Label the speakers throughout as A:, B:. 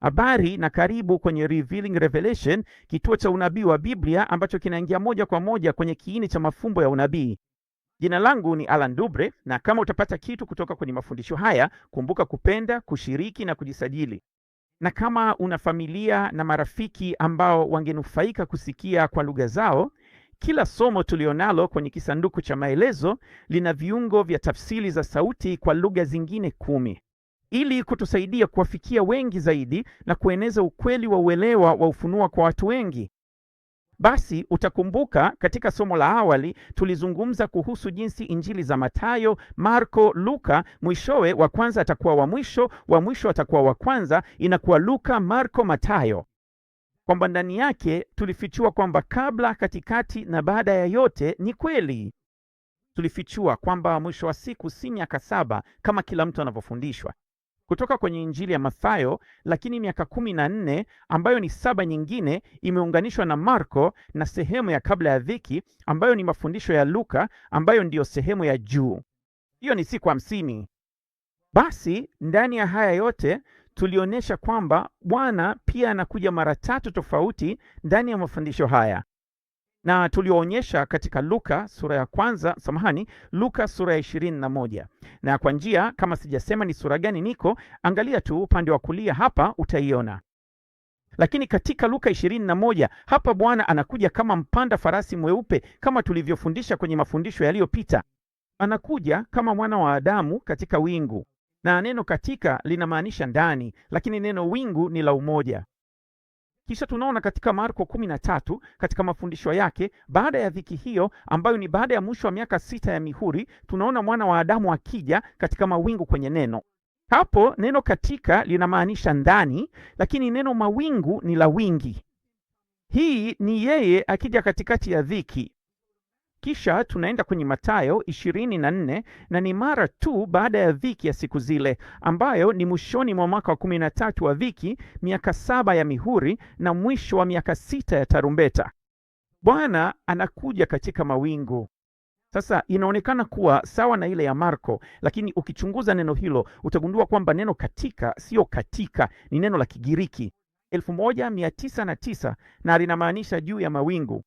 A: Habari na karibu kwenye Revealing Revelation, kituo cha unabii wa Biblia ambacho kinaingia moja kwa moja kwenye kiini cha mafumbo ya unabii. Jina langu ni Alan Dubre, na kama utapata kitu kutoka kwenye mafundisho haya, kumbuka kupenda, kushiriki na kujisajili. Na kama una familia na marafiki ambao wangenufaika kusikia kwa lugha zao, kila somo tulionalo kwenye kisanduku cha maelezo lina viungo vya tafsiri za sauti kwa lugha zingine kumi ili kutusaidia kuwafikia wengi zaidi na kueneza ukweli wa uelewa wa ufunuo kwa watu wengi. Basi utakumbuka katika somo la awali tulizungumza kuhusu jinsi injili za Mathayo, Marko, Luka, mwishowe wa kwanza atakuwa wa mwisho, wa mwisho atakuwa wa kwanza, inakuwa Luka, Marko, Mathayo, kwamba ndani yake tulifichua kwamba kabla, katikati na baada ya yote ni kweli. Tulifichua kwamba mwisho wa siku si miaka saba kama kila mtu anavyofundishwa kutoka kwenye Injili ya Mathayo, lakini miaka kumi na nne ambayo ni saba nyingine imeunganishwa na Marko na sehemu ya kabla ya dhiki ambayo ni mafundisho ya Luka ambayo ndiyo sehemu ya juu. Hiyo ni siku hamsini. Basi ndani ya haya yote tulionyesha kwamba Bwana pia anakuja mara tatu tofauti ndani ya mafundisho haya na tulioonyesha katika Luka sura ya kwanza, samahani, Luka sura ya ishirini na moja. Na kwa njia, kama sijasema ni sura gani niko, angalia tu upande wa kulia hapa utaiona. Lakini katika Luka ishirini na moja hapa Bwana anakuja kama mpanda farasi mweupe, kama tulivyofundisha kwenye mafundisho yaliyopita. Anakuja kama mwana wa Adamu katika wingu, na neno katika linamaanisha ndani, lakini neno wingu ni la umoja. Kisha tunaona katika Marko kumi na tatu katika mafundisho yake, baada ya dhiki hiyo ambayo ni baada ya mwisho wa miaka sita ya mihuri, tunaona mwana wa Adamu akija katika mawingu kwenye neno. Hapo neno katika linamaanisha ndani, lakini neno mawingu ni la wingi. Hii ni yeye akija katikati ya dhiki. Kisha tunaenda kwenye Mathayo ishirini na nne na ni mara tu baada ya dhiki ya siku zile, ambayo ni mwishoni mwa mwaka wa kumi na tatu wa dhiki, miaka saba ya mihuri na mwisho wa miaka sita ya tarumbeta. Bwana anakuja katika mawingu. Sasa inaonekana kuwa sawa na ile ya Marko, lakini ukichunguza neno hilo utagundua kwamba neno katika sio katika, ni neno la Kigiriki elfu na linamaanisha juu ya mawingu.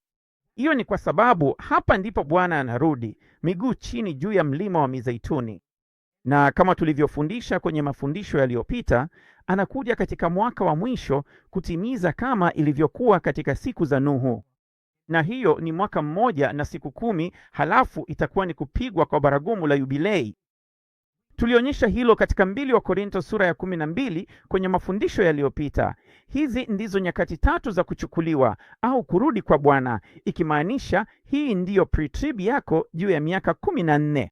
A: Hiyo ni kwa sababu hapa ndipo Bwana anarudi miguu chini juu ya mlima wa Mizeituni, na kama tulivyofundisha kwenye mafundisho yaliyopita, anakuja katika mwaka wa mwisho kutimiza kama ilivyokuwa katika siku za Nuhu, na hiyo ni mwaka mmoja na siku kumi, halafu itakuwa ni kupigwa kwa baragumu la Yubilei. Tulionyesha hilo katika mbili wa Korinto sura ya kumi na mbili kwenye mafundisho yaliyopita, Hizi ndizo nyakati tatu za kuchukuliwa au kurudi kwa Bwana, ikimaanisha hii ndiyo pre-trib yako juu ya miaka kumi na nne.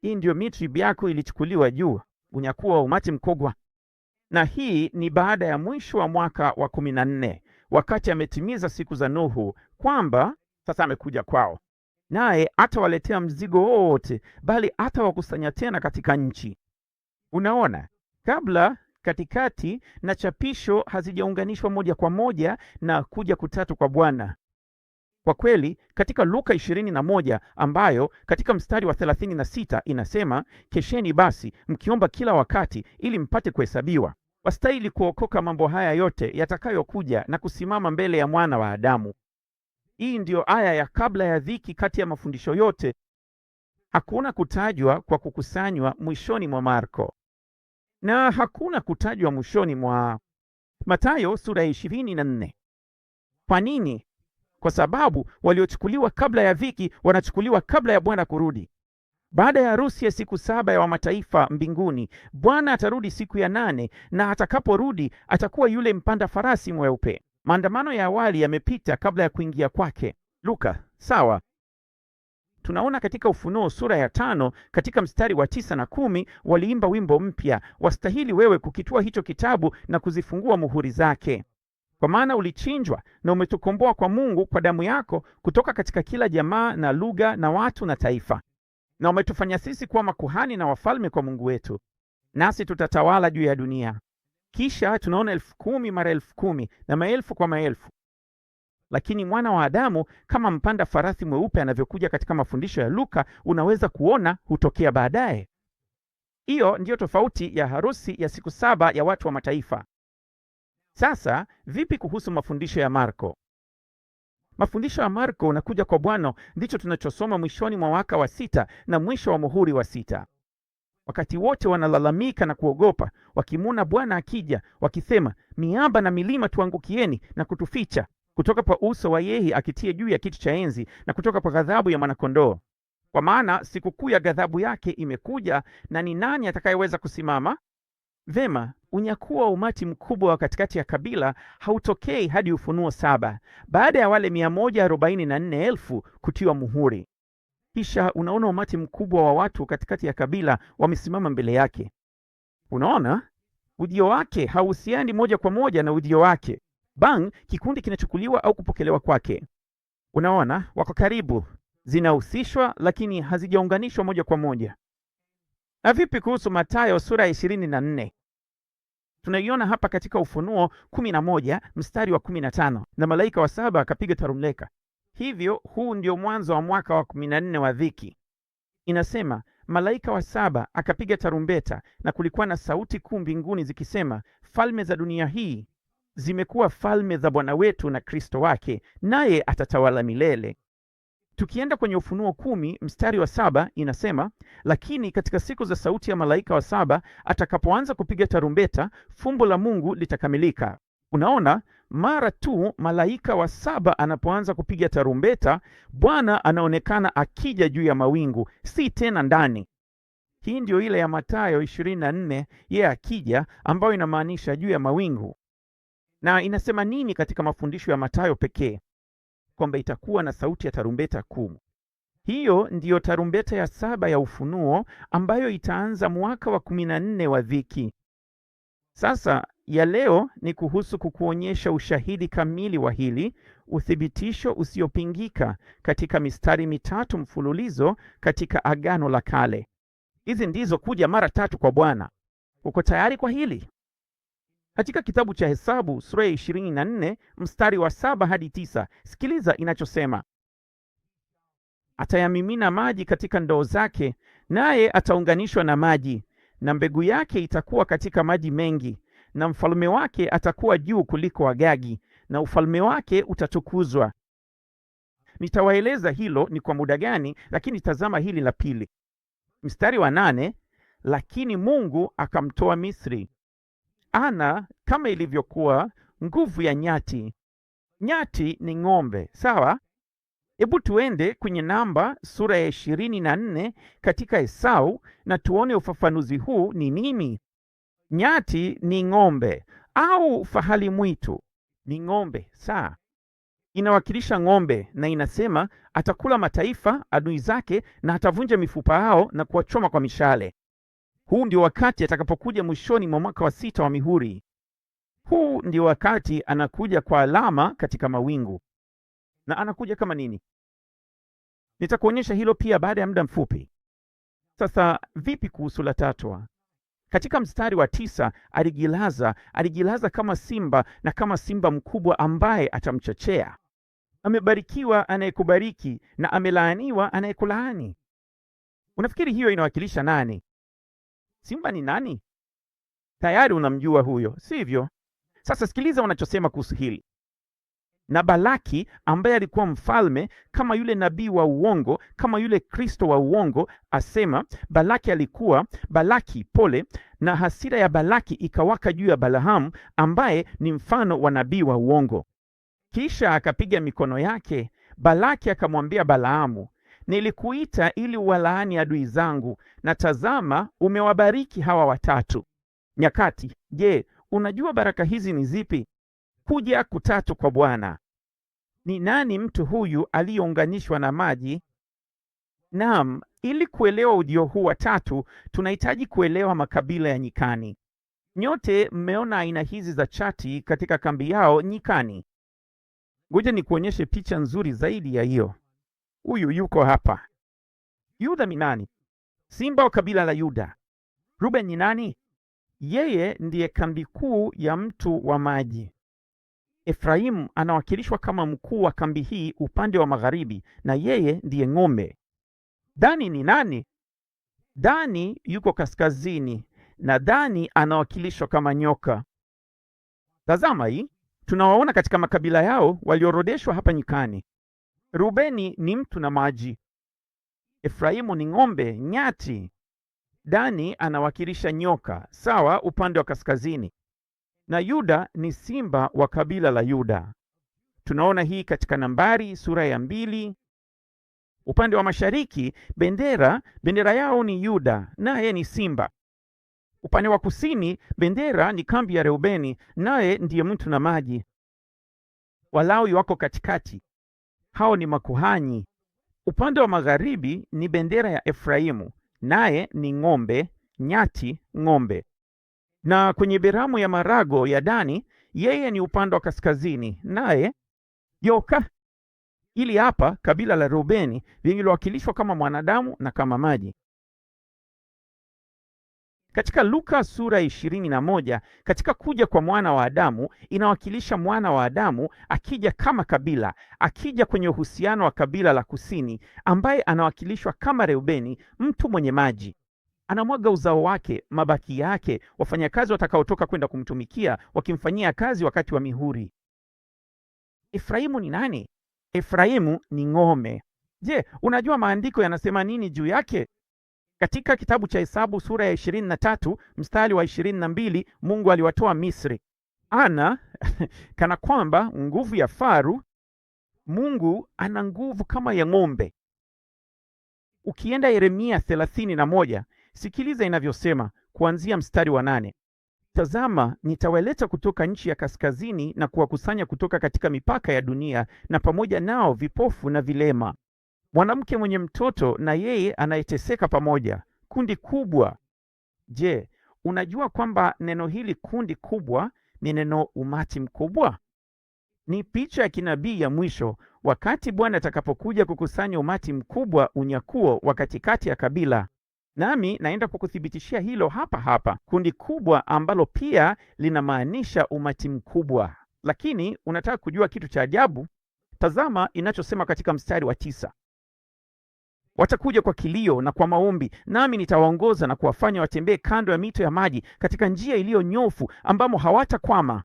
A: Hii ndiyo mitrib yako ilichukuliwa juu unyakuo wa umati mkubwa, na hii ni baada ya mwisho wa mwaka wa kumi na nne, wakati ametimiza siku za Nuhu, kwamba sasa amekuja kwao, naye atawaletea mzigo wote, bali atawakusanya tena katika nchi. Unaona, kabla katikati na chapisho hazijaunganishwa moja kwa moja na kuja kutatu kwa Bwana. Kwa kweli katika Luka 21 moja ambayo katika mstari wa 36 na sita inasema kesheni basi mkiomba kila wakati ili mpate kuhesabiwa wastahili kuokoka mambo haya yote yatakayokuja na kusimama mbele ya mwana wa Adamu. Hii ndiyo aya ya kabla ya dhiki. Kati ya mafundisho yote hakuna kutajwa kwa kukusanywa mwishoni mwa Marko na hakuna kutajwa mwishoni mwa Mathayo sura ya ishirini na nne. Kwa nini? Kwa sababu waliochukuliwa kabla ya dhiki wanachukuliwa kabla ya Bwana kurudi. Baada ya harusi ya siku saba ya wamataifa mbinguni, Bwana atarudi siku ya nane, na atakaporudi atakuwa yule mpanda farasi mweupe. Maandamano ya awali yamepita kabla ya kuingia kwake. Luka, sawa tunaona katika Ufunuo sura ya tano katika mstari wa tisa na kumi waliimba wimbo mpya, wastahili wewe kukitua hicho kitabu na kuzifungua muhuri zake, kwa maana ulichinjwa na umetukomboa kwa Mungu kwa damu yako kutoka katika kila jamaa na lugha na watu na taifa, na umetufanya sisi kuwa makuhani na wafalme kwa Mungu wetu, nasi tutatawala juu ya dunia. Kisha tunaona elfu kumi mara elfu kumi na maelfu kwa maelfu lakini mwana wa Adamu kama mpanda farasi mweupe anavyokuja katika mafundisho ya Luka, unaweza kuona hutokea baadaye. Hiyo ndiyo tofauti ya harusi ya siku saba ya watu wa mataifa. Sasa vipi kuhusu mafundisho ya Marko? Mafundisho ya Marko unakuja kwa Bwana ndicho tunachosoma mwishoni mwa waka wa sita na mwisho wa muhuri wa sita. Wakati wote wanalalamika na kuogopa, wakimwona Bwana akija, wakisema miamba na milima tuangukieni na kutuficha kutoka kwa uso wa yehi akitie juu ya kiti cha enzi na kutoka kwa ghadhabu ya mwanakondoo. Kwa maana sikukuu ya ghadhabu yake imekuja, na ni nani atakayeweza kusimama? Vema, unyakuo wa umati mkubwa wa katikati ya kabila hautokei hadi Ufunuo saba, baada ya wale mia moja arobaini na nne elfu kutiwa muhuri. Kisha unaona umati mkubwa wa watu katikati ya kabila wamesimama mbele yake. Unaona, ujio wake hauhusiani moja kwa moja na ujio wake Bang kikundi kinachukuliwa au kupokelewa kwake. Unaona, wako karibu, zinahusishwa lakini hazijaunganishwa moja kwa moja. Na vipi kuhusu Mathayo sura ya ishirini na nne? Tunaiona hapa katika Ufunuo kumi na moja mstari wa kumi na tano na malaika wa saba akapiga tarumleka. Hivyo huu ndio mwanzo wa mwaka wa kumi na nne wa dhiki. Inasema malaika wa saba akapiga tarumbeta, na kulikuwa na sauti kuu mbinguni zikisema, falme za dunia hii zimekuwa falme za Bwana wetu na Kristo wake, naye atatawala milele. Tukienda kwenye Ufunuo kumi mstari wa saba inasema, lakini katika siku za sauti ya malaika wa saba atakapoanza kupiga tarumbeta, fumbo la Mungu litakamilika. Unaona, mara tu malaika wa saba anapoanza kupiga tarumbeta, Bwana anaonekana akija juu ya mawingu, si tena ndani. Hii ndiyo ile ya Mathayo 24 yeye akija, ambayo inamaanisha juu ya mawingu. Na inasema nini katika mafundisho ya Mathayo pekee? Kwamba itakuwa na sauti ya tarumbeta kuu. Hiyo ndiyo tarumbeta ya saba ya ufunuo ambayo itaanza mwaka wa kumi na nne wa dhiki. Sasa ya leo ni kuhusu kukuonyesha ushahidi kamili wa hili, uthibitisho usiopingika katika mistari mitatu mfululizo katika Agano la Kale. Hizi ndizo kuja mara tatu kwa Bwana. Uko tayari kwa hili? katika kitabu cha Hesabu sura ya ishirini na nne mstari wa saba hadi tisa sikiliza inachosema: atayamimina maji katika ndoo zake, naye ataunganishwa na maji, na mbegu yake itakuwa katika maji mengi, na mfalme wake atakuwa juu kuliko Agagi, na ufalme wake utatukuzwa. Nitawaeleza hilo ni kwa muda gani, lakini tazama hili la pili, mstari wa nane: lakini Mungu akamtoa Misri ana kama ilivyokuwa nguvu ya nyati. Nyati ni ng'ombe, sawa? Hebu tuende kwenye namba sura ya ishirini na nne katika Esau na tuone ufafanuzi huu ni nini. Nyati ni ng'ombe au fahali mwitu ni ng'ombe, sawa? Inawakilisha ng'ombe na inasema atakula mataifa adui zake na atavunja mifupa yao na kuwachoma kwa mishale. Huu ndio wakati atakapokuja mwishoni mwa mwaka wa sita wa mihuri. Huu ndio wakati anakuja kwa alama katika mawingu. Na anakuja kama nini? Nitakuonyesha hilo pia baada ya muda mfupi. Sasa vipi kuhusu la tatu? Katika mstari wa tisa alijilaza, alijilaza kama simba na kama simba mkubwa ambaye atamchochea. Amebarikiwa anayekubariki na amelaaniwa anayekulaani. Unafikiri hiyo inawakilisha nani? Simba ni nani? Tayari unamjua huyo, sivyo? Sasa sikiliza wanachosema kuhusu hili. Na Balaki ambaye alikuwa mfalme, kama yule nabii wa uongo, kama yule Kristo wa uongo, asema Balaki alikuwa Balaki pole, na hasira ya Balaki ikawaka juu ya Balahamu ambaye ni mfano wa nabii wa uongo. Kisha akapiga mikono yake. Balaki akamwambia Balaamu, Nilikuita ili uwalaani adui zangu, na tazama, umewabariki hawa watatu. Nyakati. Je, unajua baraka hizi ni zipi? Kuja kutatu kwa Bwana. Ni nani mtu huyu aliyeunganishwa na maji? Naam, ili kuelewa ujio huu wa tatu tunahitaji kuelewa makabila ya nyikani. Nyote mmeona aina hizi za chati katika kambi yao nyikani. Ngoja nikuonyeshe picha nzuri zaidi ya hiyo. Huyu yuko hapa. Yuda ni nani? Simba wa kabila la Yuda. Ruben ni nani? Yeye ndiye kambi kuu ya mtu wa maji. Efraimu anawakilishwa kama mkuu wa kambi hii upande wa magharibi, na yeye ndiye ng'ombe. Dani ni nani? Dani yuko kaskazini, na Dani anawakilishwa kama nyoka. Tazama hii, tunawaona katika makabila yao waliorodeshwa hapa nyikani. Rubeni ni mtu na maji, Efraimu ni ng'ombe, nyati. Dani anawakilisha nyoka, sawa, upande wa kaskazini, na Yuda ni simba wa kabila la Yuda. Tunaona hii katika Nambari sura ya mbili. Upande wa mashariki, bendera bendera yao ni Yuda, naye ni simba. Upande wa kusini, bendera ni kambi ya Reubeni, naye ndiye mtu na maji. Walawi wako katikati, hao ni makuhani. Upande wa magharibi ni bendera ya Efraimu, naye ni ng'ombe, nyati, ng'ombe. Na kwenye beramu ya marago ya Dani, yeye ni upande wa kaskazini, naye joka. Ili hapa kabila la Rubeni lililowakilishwa kama mwanadamu na kama maji. Katika Luka sura ishirini na moja, katika kuja kwa mwana wa Adamu inawakilisha mwana wa Adamu akija kama kabila, akija kwenye uhusiano wa kabila la kusini, ambaye anawakilishwa kama Reubeni, mtu mwenye maji anamwaga uzao wake, mabaki yake, wafanyakazi watakaotoka kwenda kumtumikia, wakimfanyia kazi wakati wa mihuri. Efraimu ni nani? Efraimu ni ng'ome. Je, unajua maandiko yanasema nini juu yake? Katika kitabu cha Hesabu sura ya ishirini na tatu mstari wa ishirini na mbili Mungu aliwatoa Misri. Ana kana kwamba nguvu ya faru, Mungu ana nguvu kama ya ng'ombe. Ukienda Yeremia thelathini na moja sikiliza inavyosema kuanzia mstari wa nane Tazama, nitawaleta kutoka nchi ya kaskazini na kuwakusanya kutoka katika mipaka ya dunia, na pamoja nao vipofu na vilema, mwanamke mwenye mtoto na yeye anayeteseka pamoja, kundi kubwa. Je, unajua kwamba neno hili kundi kubwa ni neno umati mkubwa? Ni picha ya kinabii ya mwisho, wakati Bwana atakapokuja kukusanya umati mkubwa, unyakuo wa katikati ya kabila. Nami naenda kukuthibitishia hilo hapa hapa, kundi kubwa ambalo pia linamaanisha umati mkubwa. Lakini unataka kujua kitu cha ajabu? Tazama inachosema katika mstari wa tisa. Watakuja kwa kilio na kwa maombi, nami nitawaongoza na kuwafanya watembee kando ya mito ya maji, katika njia iliyo nyofu, ambamo hawatakwama.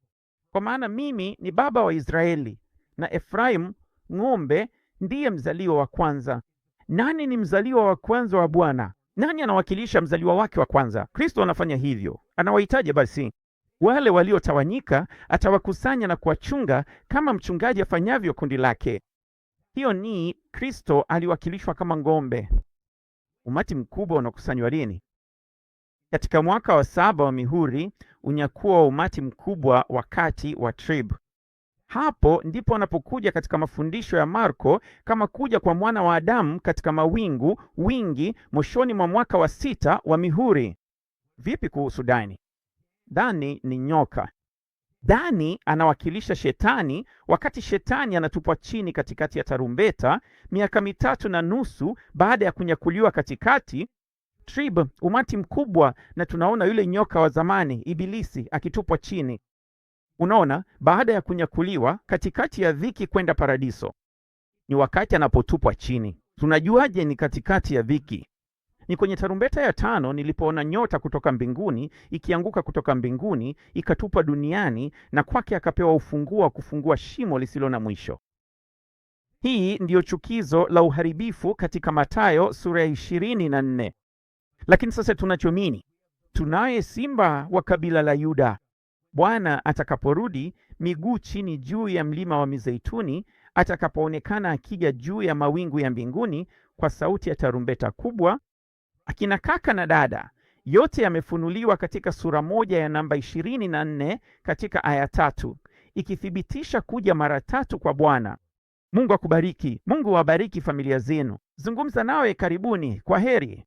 A: Kwa maana mimi ni baba wa Israeli, na Efraimu ng'ombe ndiye mzaliwa wa kwanza. Nani ni mzaliwa wa kwanza wa Bwana? Nani anawakilisha mzaliwa wake wa kwanza? Kristo anafanya hivyo. Anawahitaji basi wale waliotawanyika, atawakusanya na kuwachunga kama mchungaji afanyavyo kundi lake hiyo ni Kristo aliwakilishwa kama ng'ombe. Umati mkubwa unakusanywa lini? Katika mwaka wa saba wa mihuri, unyakuo wa umati mkubwa wakati wa tribu. Hapo ndipo anapokuja katika mafundisho ya Marko kama kuja kwa mwana wa Adamu katika mawingu wingi mwishoni mwa mwaka wa sita wa mihuri. Vipi kuhusu Dani? Dani ni nyoka Dani anawakilisha shetani, wakati shetani anatupwa chini katikati ya tarumbeta miaka mitatu na nusu baada ya kunyakuliwa katikati trib, umati mkubwa, na tunaona yule nyoka wa zamani Ibilisi akitupwa chini. Unaona, baada ya kunyakuliwa katikati ya dhiki kwenda paradiso, ni wakati anapotupwa chini. Tunajuaje ni katikati ya dhiki? Ni kwenye tarumbeta ya tano nilipoona nyota kutoka mbinguni ikianguka kutoka mbinguni ikatupa duniani, na kwake akapewa ufunguo wa kufungua shimo lisilo na mwisho. Hii ndiyo chukizo la uharibifu katika matayo sura ya ishirini na nne. Lakini sasa tunachomini, tunaye simba wa kabila la Yuda. Bwana atakaporudi, miguu chini juu ya mlima wa Mizeituni, atakapoonekana akija juu ya mawingu ya mbinguni kwa sauti ya tarumbeta kubwa, akina kaka na dada yote yamefunuliwa katika sura moja ya namba ishirini na nne katika aya tatu ikithibitisha kuja mara tatu kwa Bwana. Mungu akubariki. Mungu awabariki familia zenu. Zungumza nawe karibuni. Kwa heri.